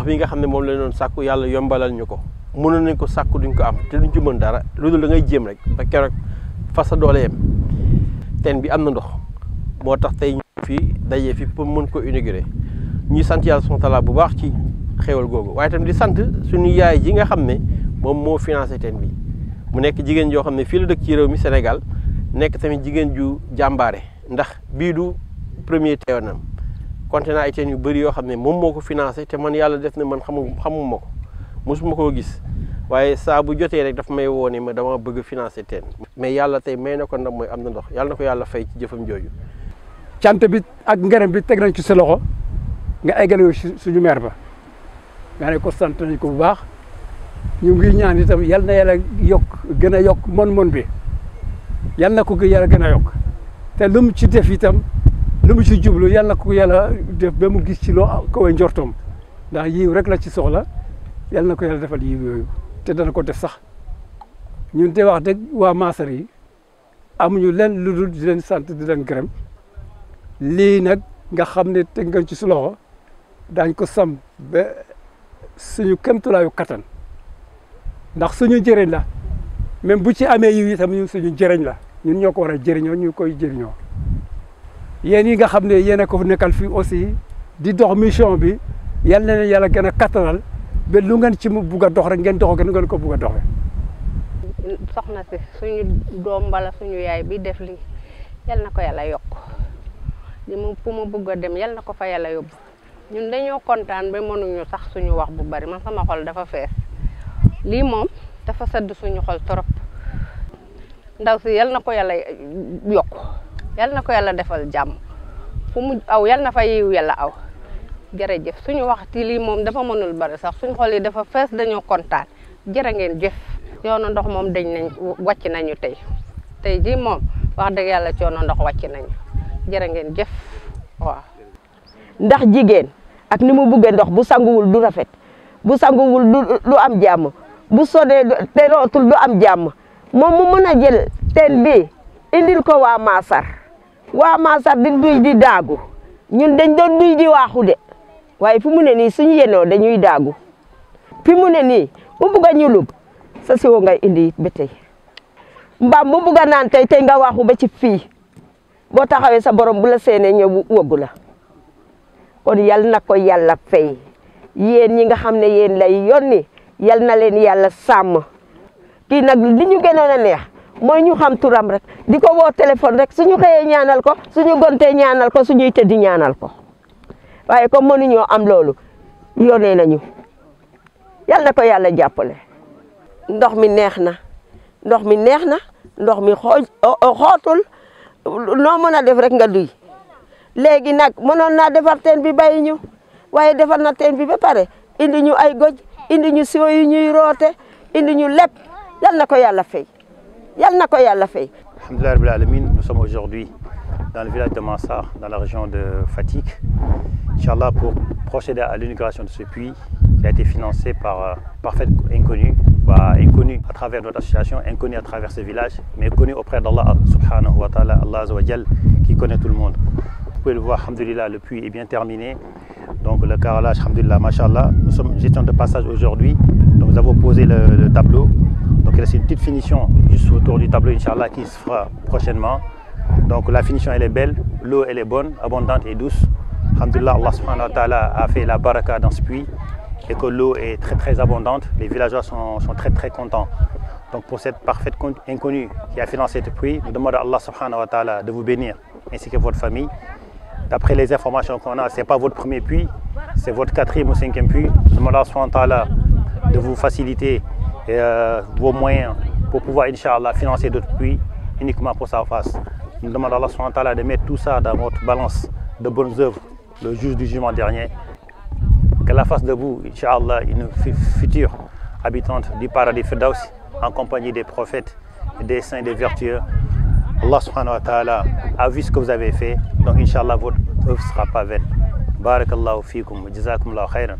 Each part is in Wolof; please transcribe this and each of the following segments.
ndox bi nga xam ne moom la doon sàkku yàlla yombalal ñu ko mënoon nañ ko sàkku duñ ko am te duñ ci mën dara loolu da ngay jéem rek ba keroog fa sa dooleem yem teen bi am na ndox moo tax tey ñu fii dajee fi pour mën ko inaugurer ñuy sant yàlla bu baax ci xéewal googu waaye tamit di sant suñu yaay ji nga xam ne moom moo financé teen bi mu nekk jigéen joo xam ne fii la dëkk ci réew mi senegal nekk tamit jigéen ju jàmbaare ndax bii du premier teewanam compté naa ay teen yu bëri yoo xam ne moom moo ko financé te man yàlla def na man xamu xamuma ko mosuma koo gis waaye saa bu jotee rek dafa may woo ne ma dama bëgg a financé teen mais yàlla tey may ne ko ndam mooy am na ndox yàlla na ko yàlla fay ci jëfam jooju cant bi ak ngërëm bi teg nañ ci sa loxo nga eggale suñu maire ba nga ne ko sant nañ ko bu baax ñu ngi ñaan itam yàlla na yàlla yokk gën a yokk moon moon bi yal na ko yàlla gën a yokk te lu mu ci jublu yàlla na ko yàlla def ba mu gis ci loo kawe njortoom ndax yiw rek la ci soxla yàlla na ko yàlla defal yiw yooyu te dana ko def sax ñun de wax dëgg waa Maasar yi amuñu leen lu dul di leen sant di leen gërëm lii nag nga xam ne teg nga ci su loxo daañ ko sam ba suñu kéemtulaayu kattan ndax suñu njëriñ la même bu ci amee yiw itam ñun suñu njëriñ la ñun ñoo ko war a jëriñoo ñu koy jëriñoo Yeni yi nga xamne yene ko nekkal fi aussi di dox mission bi yal na yalla gëna katanal belungan lu ngeen ci mu bëgg dox rek ngeen dox ngeen ko bëgg dox soxna si suñu dom bala suñu yaay bi def li yal nako yalla yok di mu fu mu bëgg dem yal nako fa yalla yob ñun dañoo kontaan mënu ñu sax suñu wax bu bari man sama xol dafa fess li mom dafa sedd suñu xol torop ndaw si yal nako yalla yok yal na ko yàlla defal jàmm fu mu aw yal na fa yiw yàlla aw jërëjëf suñu waxti lii moom dafa mënul bari sax suñu xol yi dafa fees dañoo kontaan jërë ngeen jëf yoonu ndox moom dañ nañ wàcc nañu tey tey jii moom wax dëgg yàlla coono ndox wàcc nañu jërë ngeen jëf waaw ndax jigéen ak ni mu buggee ndox bu sanguwul du rafet bu sanguwul du du am jàmm bu sonee te rootul du am jàmm moom mu mën a jël teen bi indil ko waa masar waa Mansar di duy di daagu ñun dañ doon duy di waaxu de waaye fi mu ne nii suñu yenoo dañuy daagu fi mu ne nii mu bugg a sa siwo ngay indi ba tey mbaam mu bugg a naan tey tey nga waaxu ba ci fii boo taxawee sa borom bula la seenee ñëw wëggu la kon yal na ko yàlla fay yéen ñi nga xam ne yéen lay yónni yal na leen yàlla sàmm kii nag li ñu gënoon a neex mooy ñu xam turam rek di ko woo téléphone rek suñu xëyee ñaanal ko suñu gontee ñaanal ko suñuy di ñaanal ko waaye comme mënuñoo am loolu yónnee nañu yal na ko yàlla jàppale. ndox mi neex na ndox mi neex na ndox mi xooj xootul noo mën a def rek nga duy léegi nag mënoon naa defar teen bi bàyyi ñu waaye defar na teen bi ba pare indi ñu ay goj indi ñu siwo yu ñuy roote indi ñu lépp yal na ko yàlla fay. nous sommes aujourd'hui dans le village de Mansar, dans la région de Fatik. Inch'Allah, pour procéder à l'inauguration de ce puits qui a été financé par euh, Parfait Inconnu, bah, inconnu à travers notre association, inconnu à travers ce village, mais connu auprès d'Allah subhanahu wa ta'ala, Allah qui connaît tout le monde. Vous pouvez le voir, alhamdulillah, le puits est bien terminé. Donc le carrelage, alhamdulillah, mashallah. Nous sommes, gestion de passage aujourd'hui, donc nous avons posé le tableau donc il a une petite finition juste autour du tableau, Inch'Allah, qui se fera prochainement. Donc la finition, elle est belle, l'eau, elle est bonne, abondante et douce. Alhamdulillah, Allah subhanahu wa ta'ala a fait la baraka dans ce puits et que l'eau est très très abondante. Les villageois sont, sont, très très contents. Donc pour cette parfaite inconnue qui a financé ce puits, nous demandons à Allah subhanahu wa ta'ala de vous bénir ainsi que votre famille. D'après les informations qu'on a, ce n'est pas votre premier puits, c'est votre quatrième ou cinquième puits. Nous demandons à Allah subhanahu ta'ala de vous faciliter et, vos euh, moyens pour pouvoir, Inch'Allah, financer d'autres puits uniquement pour sa face. Nous demandons à Allah de mettre tout ça dans votre balance de bonnes œuvres, le jour du jugement dernier. Que la face de vous, Inch'Allah, une future habitante du paradis Firdaus en compagnie des prophètes, des saints, des vertueux. Allah subhanahu wa ta'ala a vu ce que vous avez fait, donc Inch'Allah, votre œuvre ne sera pas vaine. Barakallahu fikum, jazakum khairan.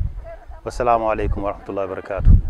Wassalamu alaikum wa rahmatullahi wa barakatuh.